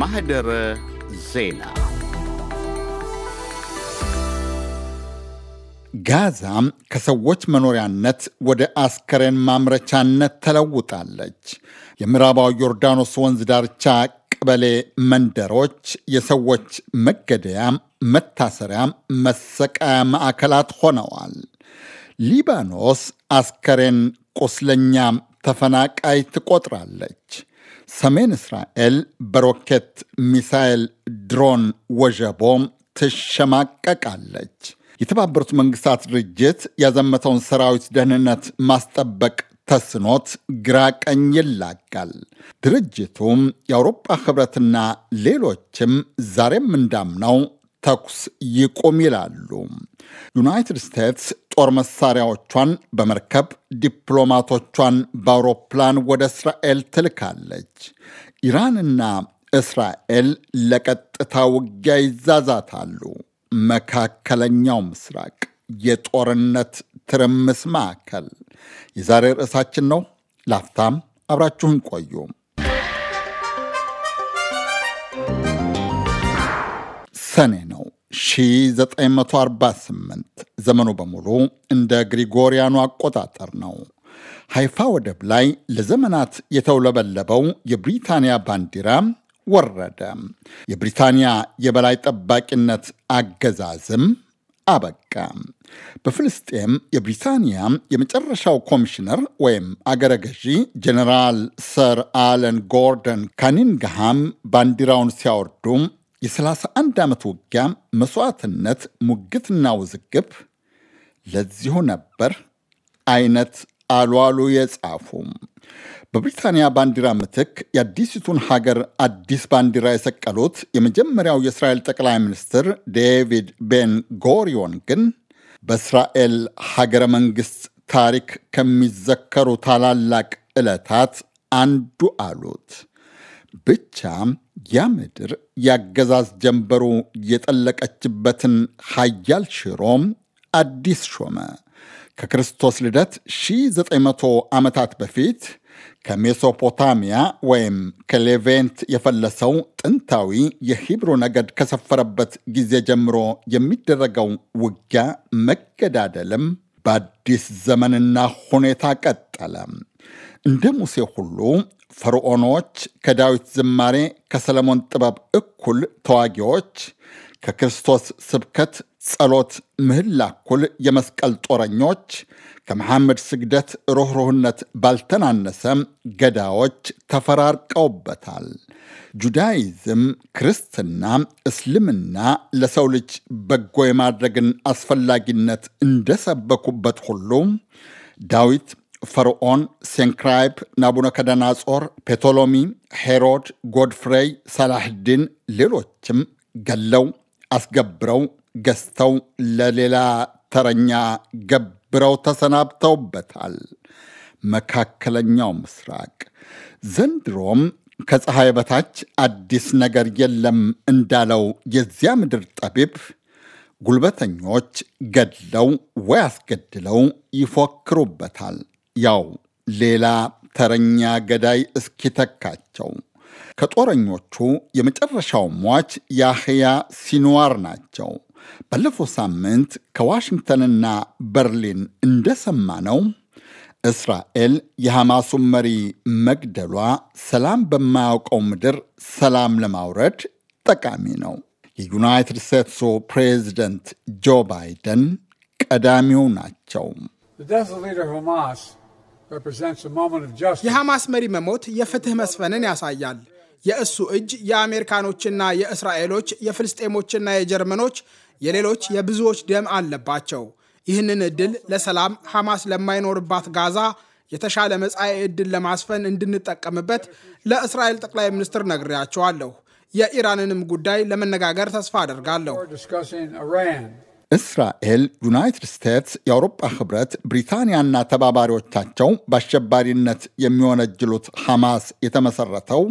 ማህደረ ዜና ጋዛ ከሰዎች መኖሪያነት ወደ አስከሬን ማምረቻነት ተለውጣለች። የምዕራባዊ ዮርዳኖስ ወንዝ ዳርቻ ቀበሌ መንደሮች የሰዎች መገደያ፣ መታሰሪያ፣ መሰቃያ ማዕከላት ሆነዋል። ሊባኖስ አስከሬን ቁስለኛ ተፈናቃይ ትቆጥራለች። ሰሜን እስራኤል በሮኬት ሚሳኤል፣ ድሮን ወጀቦ ትሸማቀቃለች። የተባበሩት መንግስታት ድርጅት ያዘመተውን ሰራዊት ደህንነት ማስጠበቅ ተስኖት ግራ ቀኝ ይላጋል። ድርጅቱም የአውሮፓ ህብረትና ሌሎችም ዛሬም እንዳምነው ተኩስ ይቁም ይላሉ። ዩናይትድ ስቴትስ ጦር መሳሪያዎቿን በመርከብ ዲፕሎማቶቿን በአውሮፕላን ወደ እስራኤል ትልካለች። ኢራንና እስራኤል ለቀጥታ ውጊያ ይዛዛታሉ። መካከለኛው ምስራቅ የጦርነት ትርምስ ማዕከል የዛሬ ርዕሳችን ነው። ላፍታም አብራችሁን ቆዩም። ሰኔ ነው 1948። ዘመኑ በሙሉ እንደ ግሪጎሪያኑ አቆጣጠር ነው። ሃይፋ ወደብ ላይ ለዘመናት የተውለበለበው የብሪታንያ ባንዲራ ወረደ። የብሪታንያ የበላይ ጠባቂነት አገዛዝም አበቃ። በፍልስጤም የብሪታንያ የመጨረሻው ኮሚሽነር ወይም አገረ ገዢ ጀኔራል ሰር አለን ጎርደን ካኒንግሃም ባንዲራውን ሲያወርዱ የ31 ዓመት ውጊያ መሥዋዕትነት፣ ሙግትና ውዝግብ ለዚሁ ነበር አይነት አሏሉ የጻፉ በብሪታንያ ባንዲራ ምትክ የአዲሲቱን ሀገር አዲስ ባንዲራ የሰቀሉት የመጀመሪያው የእስራኤል ጠቅላይ ሚኒስትር ዴቪድ ቤን ጎሪዮን ግን በእስራኤል ሀገረ መንግሥት ታሪክ ከሚዘከሩ ታላላቅ ዕለታት አንዱ አሉት። ብቻ ያ ምድር ያገዛዝ ጀንበሩ የጠለቀችበትን ሀያል ሽሮም አዲስ ሾመ። ከክርስቶስ ልደት 1900 ዓመታት በፊት ከሜሶፖታሚያ ወይም ከሌቬንት የፈለሰው ጥንታዊ የሂብሩ ነገድ ከሰፈረበት ጊዜ ጀምሮ የሚደረገው ውጊያ መገዳደልም በአዲስ ዘመንና ሁኔታ ቀጠለ። እንደ ሙሴ ሁሉ ፈርዖኖች ከዳዊት ዝማሬ ከሰለሞን ጥበብ እኩል ተዋጊዎች ከክርስቶስ ስብከት ጸሎት ምህላ እኩል የመስቀል ጦረኞች ከመሐመድ ስግደት ሩኅሩህነት ባልተናነሰ ገዳዎች ተፈራርቀውበታል። ጁዳይዝም፣ ክርስትና፣ እስልምና ለሰው ልጅ በጎ የማድረግን አስፈላጊነት እንደሰበኩበት ሁሉ ዳዊት ፈርዖን፣ ሴንክራይፕ፣ ናቡነከደናጾር፣ ፔቶሎሚ፣ ሄሮድ፣ ጎድፍሬይ፣ ሰላሕዲን ሌሎችም ገለው አስገብረው ገዝተው ለሌላ ተረኛ ገብረው ተሰናብተውበታል። መካከለኛው ምስራቅ ዘንድሮም ከፀሐይ በታች አዲስ ነገር የለም እንዳለው የዚያ ምድር ጠቢብ ጉልበተኞች ገድለው ወይ አስገድለው ይፎክሩበታል። ያው ሌላ ተረኛ ገዳይ እስኪተካቸው። ከጦረኞቹ የመጨረሻው ሟች ያህያ ሲንዋር ናቸው። ባለፈው ሳምንት ከዋሽንግተንና በርሊን እንደሰማ ነው። እስራኤል የሐማሱን መሪ መግደሏ ሰላም በማያውቀው ምድር ሰላም ለማውረድ ጠቃሚ ነው። የዩናይትድ ስቴትሱ ፕሬዚደንት ጆ ባይደን ቀዳሚው ናቸው። የሐማስ መሪ መሞት የፍትህ መስፈንን ያሳያል። የእሱ እጅ የአሜሪካኖችና የእስራኤሎች የፍልስጤሞችና የጀርመኖች የሌሎች የብዙዎች ደም አለባቸው። ይህንን ዕድል ለሰላም ሐማስ ለማይኖርባት ጋዛ የተሻለ መጻኤ ዕድል ለማስፈን እንድንጠቀምበት ለእስራኤል ጠቅላይ ሚኒስትር ነግሬያቸዋለሁ። የኢራንንም ጉዳይ ለመነጋገር ተስፋ አደርጋለሁ። እስራኤል፣ ዩናይትድ ስቴትስ፣ የአውሮፓ ህብረት፣ ብሪታንያና ተባባሪዎቻቸው በአሸባሪነት የሚወነጅሉት ሐማስ የተመሠረተው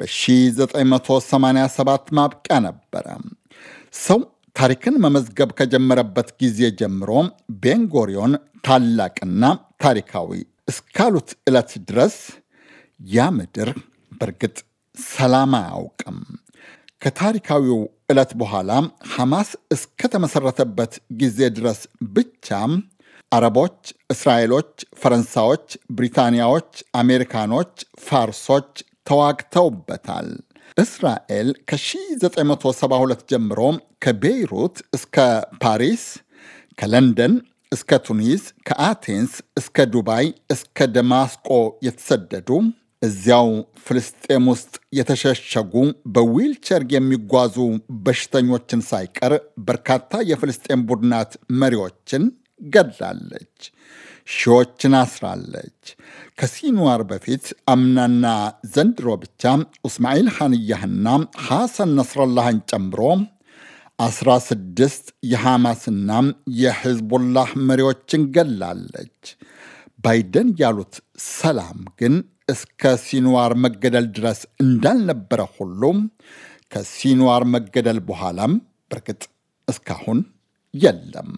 በ1987 ማብቂያ ነበረ። ሰው ታሪክን መመዝገብ ከጀመረበት ጊዜ ጀምሮ ቤንጎሪዮን ታላቅና ታሪካዊ እስካሉት ዕለት ድረስ ያ ምድር በእርግጥ ሰላም አያውቅም። ከታሪካዊው ዕለት በኋላ ሐማስ እስከተመሠረተበት ጊዜ ድረስ ብቻ አረቦች፣ እስራኤሎች፣ ፈረንሳዮች፣ ብሪታንያዎች፣ አሜሪካኖች፣ ፋርሶች ተዋግተውበታል። እስራኤል ከ1972 ጀምሮ ከቤይሩት እስከ ፓሪስ፣ ከለንደን እስከ ቱኒስ፣ ከአቴንስ እስከ ዱባይ፣ እስከ ደማስቆ የተሰደዱ እዚያው ፍልስጤም ውስጥ የተሸሸጉ በዊልቸር የሚጓዙ በሽተኞችን ሳይቀር በርካታ የፍልስጤም ቡድናት መሪዎችን ገድላለች፣ ሺዎችን አስራለች። ከሲንዋር በፊት አምናና ዘንድሮ ብቻ እስማኤል ሐንያህና ሐሰን ነስረላህን ጨምሮ 16 የሐማስና የሕዝቡላህ መሪዎችን ገላለች። ባይደን ያሉት ሰላም ግን እስከ ሲንዋር መገደል ድረስ እንዳልነበረ ሁሉም ከሲንዋር መገደል በኋላም በርግጥ እስካሁን የለም።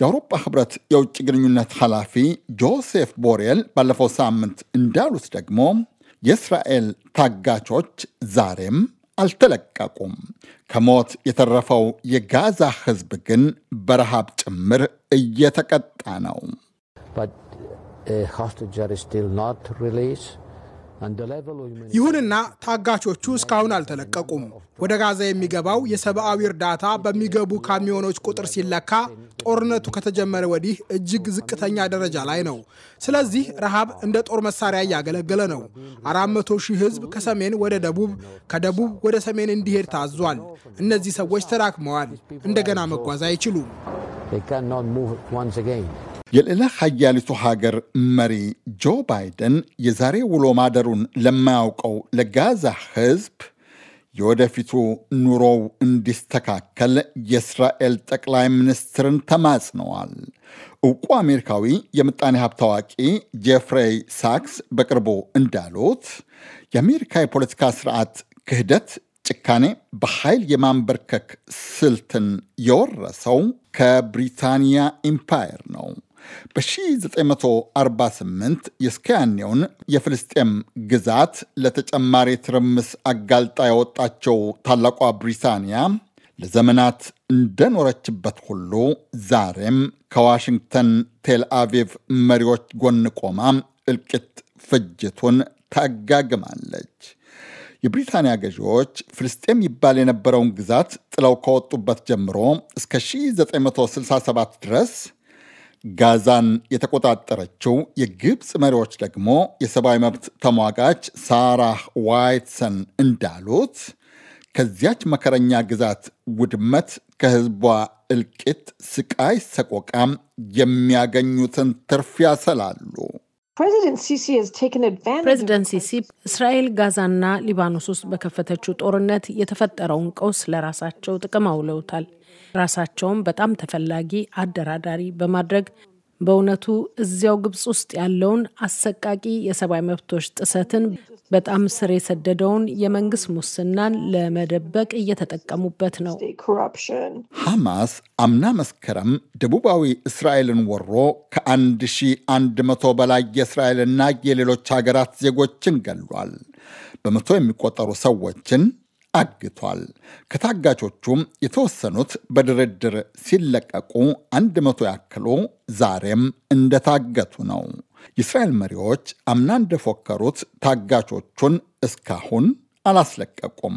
የአውሮፓ ህብረት የውጭ ግንኙነት ኃላፊ ጆሴፍ ቦሬል ባለፈው ሳምንት እንዳሉት ደግሞ የእስራኤል ታጋቾች ዛሬም አልተለቀቁም። ከሞት የተረፈው የጋዛ ህዝብ ግን በረሃብ ጭምር እየተቀጣ ነው። ይሁንና ታጋቾቹ እስካሁን አልተለቀቁም። ወደ ጋዛ የሚገባው የሰብአዊ እርዳታ በሚገቡ ካሚዮኖች ቁጥር ሲለካ ጦርነቱ ከተጀመረ ወዲህ እጅግ ዝቅተኛ ደረጃ ላይ ነው። ስለዚህ ረሃብ እንደ ጦር መሳሪያ እያገለገለ ነው። 400 ሺህ ህዝብ ከሰሜን ወደ ደቡብ፣ ከደቡብ ወደ ሰሜን እንዲሄድ ታዟል። እነዚህ ሰዎች ተዳክመዋል። እንደገና መጓዝ አይችሉም። የልዕለ ሀያሊቱ ሀገር መሪ ጆ ባይደን የዛሬ ውሎ ማደሩን ለማያውቀው ለጋዛ ህዝብ የወደፊቱ ኑሮው እንዲስተካከል የእስራኤል ጠቅላይ ሚኒስትርን ተማጽነዋል። እውቁ አሜሪካዊ የምጣኔ ሀብት ታዋቂ ጄፍሬይ ሳክስ በቅርቡ እንዳሉት የአሜሪካ የፖለቲካ ስርዓት ክህደት፣ ጭካኔ፣ በኃይል የማንበርከክ ስልትን የወረሰው ከብሪታንያ ኢምፓየር ነው። በ1948 የስከያኔውን የፍልስጤም ግዛት ለተጨማሪ ትርምስ አጋልጣ ያወጣቸው ታላቋ ብሪታንያ ለዘመናት እንደኖረችበት ሁሉ ዛሬም ከዋሽንግተን ቴልአቪቭ መሪዎች ጎን ቆማ እልቂት ፍጅቱን ታጋግማለች። የብሪታንያ ገዢዎች ፍልስጤም ይባል የነበረውን ግዛት ጥለው ከወጡበት ጀምሮ እስከ 1967 ድረስ ጋዛን የተቆጣጠረችው የግብፅ መሪዎች ደግሞ የሰብአዊ መብት ተሟጋች ሳራህ ዋይትሰን እንዳሉት ከዚያች መከረኛ ግዛት ውድመት ከህዝቧ እልቂት፣ ስቃይ፣ ሰቆቃም የሚያገኙትን ትርፍ ያሰላሉ። ፕሬዚደንት ሲሲ እስራኤል ጋዛና ሊባኖስ ውስጥ በከፈተችው ጦርነት የተፈጠረውን ቀውስ ለራሳቸው ጥቅም አውለውታል። ራሳቸውን በጣም ተፈላጊ አደራዳሪ በማድረግ በእውነቱ እዚያው ግብጽ ውስጥ ያለውን አሰቃቂ የሰብአዊ መብቶች ጥሰትን በጣም ስር የሰደደውን የመንግስት ሙስናን ለመደበቅ እየተጠቀሙበት ነው። ሐማስ አምና መስከረም ደቡባዊ እስራኤልን ወሮ ከ1100 በላይ የእስራኤልና የሌሎች ሀገራት ዜጎችን ገሏል። በመቶ የሚቆጠሩ ሰዎችን አግቷል። ከታጋቾቹም የተወሰኑት በድርድር ሲለቀቁ አንድ መቶ ያክሉ ዛሬም እንደታገቱ ነው። የእስራኤል መሪዎች አምና እንደፎከሩት ታጋቾቹን እስካሁን አላስለቀቁም።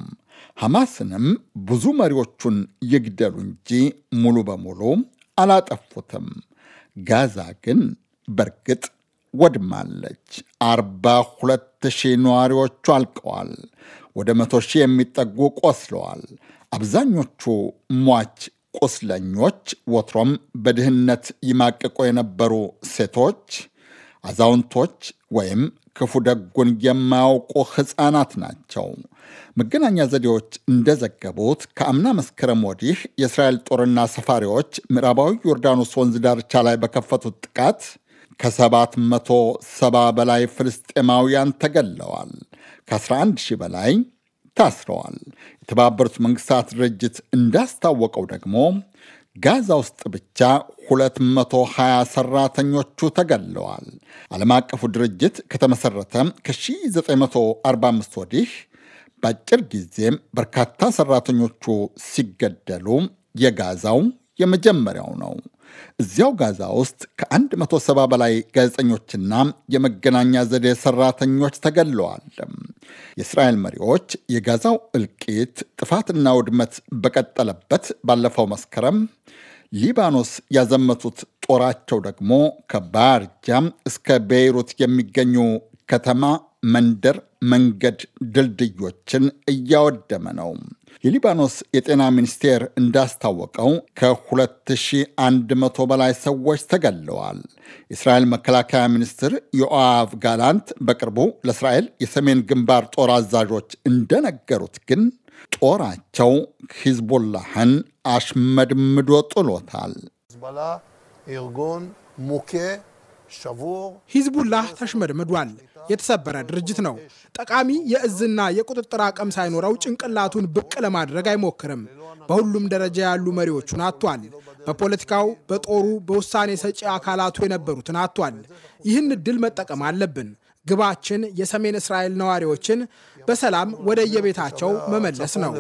ሐማስንም ብዙ መሪዎቹን ይግደሉ እንጂ ሙሉ በሙሉ አላጠፉትም። ጋዛ ግን በእርግጥ ወድማለች። ሁለት ሺህ ነዋሪዎቹ አልቀዋል። ወደ መቶ ሺህ የሚጠጉ ቆስለዋል። አብዛኞቹ ሟች ቁስለኞች ወትሮም በድህነት ይማቅቁ የነበሩ ሴቶች፣ አዛውንቶች ወይም ክፉ ደጉን የማያውቁ ሕፃናት ናቸው። መገናኛ ዘዴዎች እንደዘገቡት ከአምና መስከረም ወዲህ የእስራኤል ጦርና ሰፋሪዎች ምዕራባዊ ዮርዳኖስ ወንዝ ዳርቻ ላይ በከፈቱት ጥቃት ከሰባት መቶ ሰባ በላይ ፍልስጤማውያን ተገለዋል። ከ11 ሺህ በላይ ታስረዋል። የተባበሩት መንግስታት ድርጅት እንዳስታወቀው ደግሞ ጋዛ ውስጥ ብቻ 220 ሰራተኞቹ ተገለዋል። ዓለም አቀፉ ድርጅት ከተመሠረተ ከ1945 ወዲህ በአጭር ጊዜም በርካታ ሰራተኞቹ ሲገደሉ የጋዛው የመጀመሪያው ነው። እዚያው ጋዛ ውስጥ ከ170 በላይ ጋዜጠኞችና የመገናኛ ዘዴ ሰራተኞች ተገለዋል። የእስራኤል መሪዎች የጋዛው እልቂት ጥፋትና ውድመት በቀጠለበት ባለፈው መስከረም ሊባኖስ ያዘመቱት ጦራቸው ደግሞ ከባርጃም እስከ ቤይሩት የሚገኙ ከተማ፣ መንደር፣ መንገድ፣ ድልድዮችን እያወደመ ነው። የሊባኖስ የጤና ሚኒስቴር እንዳስታወቀው ከ2100 በላይ ሰዎች ተገለዋል። የእስራኤል መከላከያ ሚኒስትር ዮአቭ ጋላንት በቅርቡ ለእስራኤል የሰሜን ግንባር ጦር አዛዦች እንደነገሩት ግን ጦራቸው ሂዝቡላህን አሽመድምዶ ጥሎታል። ሂዝቡላህ ተሽመድምዷል። የተሰበረ ድርጅት ነው። ጠቃሚ የእዝና የቁጥጥር አቅም ሳይኖረው ጭንቅላቱን ብቅ ለማድረግ አይሞክርም። በሁሉም ደረጃ ያሉ መሪዎቹን አጥቷል። በፖለቲካው፣ በጦሩ፣ በውሳኔ ሰጪ አካላቱ የነበሩትን አጥቷል። ይህን እድል መጠቀም አለብን። ግባችን የሰሜን እስራኤል ነዋሪዎችን በሰላም ወደ የቤታቸው መመለስ ነው።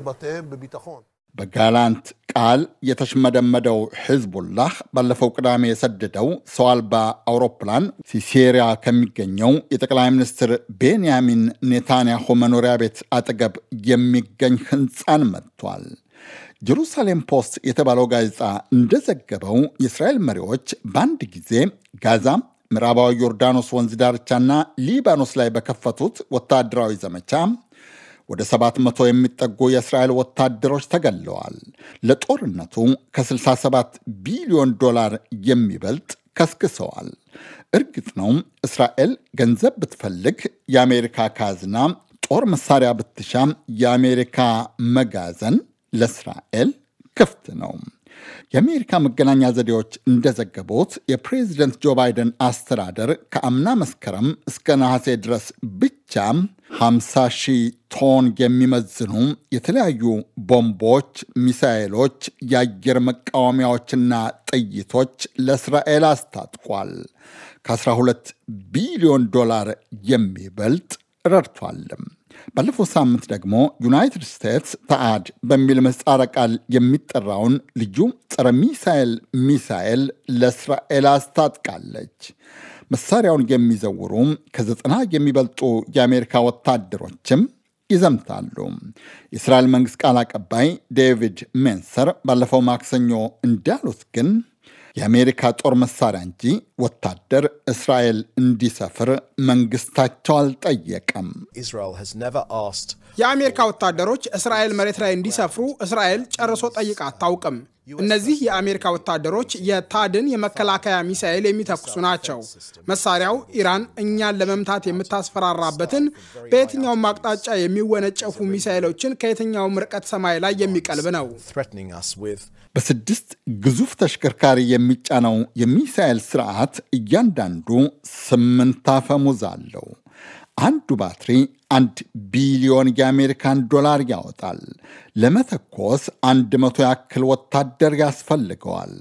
በጋላንት ቃል የተሽመደመደው ሕዝቡላህ ባለፈው ቅዳሜ የሰደደው ሰው አልባ አውሮፕላን ሲሴሪያ ከሚገኘው የጠቅላይ ሚኒስትር ቤንያሚን ኔታንያሁ መኖሪያ ቤት አጠገብ የሚገኝ ህንፃን መጥቷል። ጀሩሳሌም ፖስት የተባለው ጋዜጣ እንደዘገበው የእስራኤል መሪዎች በአንድ ጊዜ ጋዛ ምዕራባዊ ዮርዳኖስ ወንዝ ዳርቻና ሊባኖስ ላይ በከፈቱት ወታደራዊ ዘመቻ ወደ 700 የሚጠጉ የእስራኤል ወታደሮች ተገለዋል። ለጦርነቱ ከ67 ቢሊዮን ዶላር የሚበልጥ ከስክሰዋል። እርግጥ ነው እስራኤል ገንዘብ ብትፈልግ የአሜሪካ ካዝና፣ ጦር መሳሪያ ብትሻም የአሜሪካ መጋዘን ለእስራኤል ክፍት ነው። የአሜሪካ መገናኛ ዘዴዎች እንደዘገቡት የፕሬዚደንት ጆ ባይደን አስተዳደር ከአምና መስከረም እስከ ነሐሴ ድረስ ብቻ 50 ሺህ ቶን የሚመዝኑ የተለያዩ ቦምቦች፣ ሚሳኤሎች፣ የአየር መቃወሚያዎችና ጥይቶች ለእስራኤል አስታጥቋል። ከ12 ቢሊዮን ዶላር የሚበልጥ ረድቷልም። ባለፈው ሳምንት ደግሞ ዩናይትድ ስቴትስ ተአድ በሚል ምህጻረ ቃል የሚጠራውን ልዩ ጸረ ሚሳኤል ሚሳኤል ለእስራኤል አስታጥቃለች። መሳሪያውን የሚዘውሩ ከዘጠና የሚበልጡ የአሜሪካ ወታደሮችም ይዘምታሉ። የእስራኤል መንግሥት ቃል አቀባይ ዴቪድ ሜንሰር ባለፈው ማክሰኞ እንዳሉት ግን የአሜሪካ ጦር መሳሪያ እንጂ ወታደር እስራኤል እንዲሰፍር መንግስታቸው አልጠየቀም። የአሜሪካ ወታደሮች እስራኤል መሬት ላይ እንዲሰፍሩ እስራኤል ጨርሶ ጠይቃ አታውቅም። እነዚህ የአሜሪካ ወታደሮች የታድን የመከላከያ ሚሳኤል የሚተኩሱ ናቸው። መሳሪያው ኢራን እኛን ለመምታት የምታስፈራራበትን በየትኛውም አቅጣጫ የሚወነጨፉ ሚሳኤሎችን ከየትኛውም ርቀት ሰማይ ላይ የሚቀልብ ነው። በስድስት ግዙፍ ተሽከርካሪ የሚጫነው የሚሳኤል ስርዓት እያንዳንዱ ስምንት አፈሙዝ አለው። አንዱ ባትሪ አንድ ቢሊዮን የአሜሪካን ዶላር ያወጣል። ለመተኮስ አንድ መቶ ያክል ወታደር ያስፈልገዋል።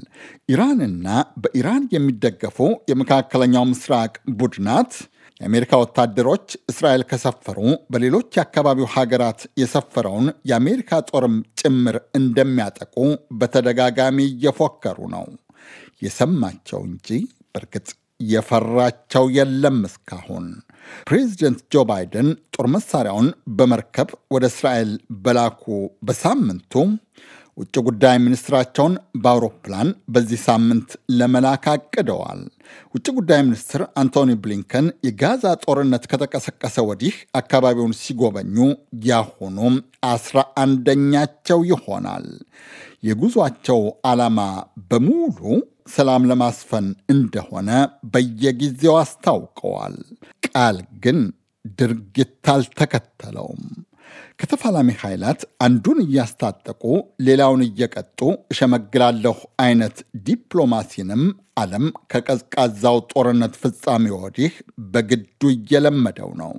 ኢራንና በኢራን የሚደገፉ የመካከለኛው ምስራቅ ቡድናት የአሜሪካ ወታደሮች እስራኤል ከሰፈሩ በሌሎች የአካባቢው ሀገራት የሰፈረውን የአሜሪካ ጦርም ጭምር እንደሚያጠቁ በተደጋጋሚ እየፎከሩ ነው። የሰማቸው እንጂ በእርግጥ የፈራቸው የለም እስካሁን። ፕሬዚደንት ጆ ባይደን ጦር መሳሪያውን በመርከብ ወደ እስራኤል በላኩ በሳምንቱ ውጭ ጉዳይ ሚኒስትራቸውን በአውሮፕላን በዚህ ሳምንት ለመላክ አቅደዋል። ውጭ ጉዳይ ሚኒስትር አንቶኒ ብሊንከን የጋዛ ጦርነት ከተቀሰቀሰ ወዲህ አካባቢውን ሲጎበኙ ያሁኑ አስራ አንደኛቸው ይሆናል። የጉዟቸው ዓላማ በሙሉ ሰላም ለማስፈን እንደሆነ በየጊዜው አስታውቀዋል። ቃል ግን ድርጊት አልተከተለውም። ከተፋላሚ ኃይላት አንዱን እያስታጠቁ ሌላውን እየቀጡ እሸመግላለሁ አይነት ዲፕሎማሲንም ዓለም ከቀዝቃዛው ጦርነት ፍጻሜ ወዲህ በግዱ እየለመደው ነው።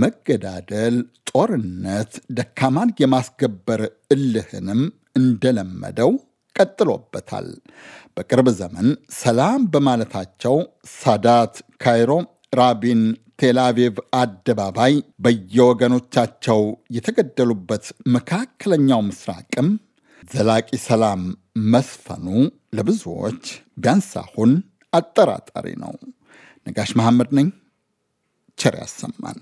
መገዳደል፣ ጦርነት፣ ደካማን የማስገበር እልህንም እንደለመደው ቀጥሎበታል። በቅርብ ዘመን ሰላም በማለታቸው ሳዳት ካይሮ፣ ራቢን ቴላቪቭ አደባባይ፣ በየወገኖቻቸው የተገደሉበት መካከለኛው ምስራቅም ዘላቂ ሰላም መስፈኑ ለብዙዎች ቢያንስ አሁን አጠራጣሪ ነው። ነጋሽ መሐመድ ነኝ። ቸር ያሰማን።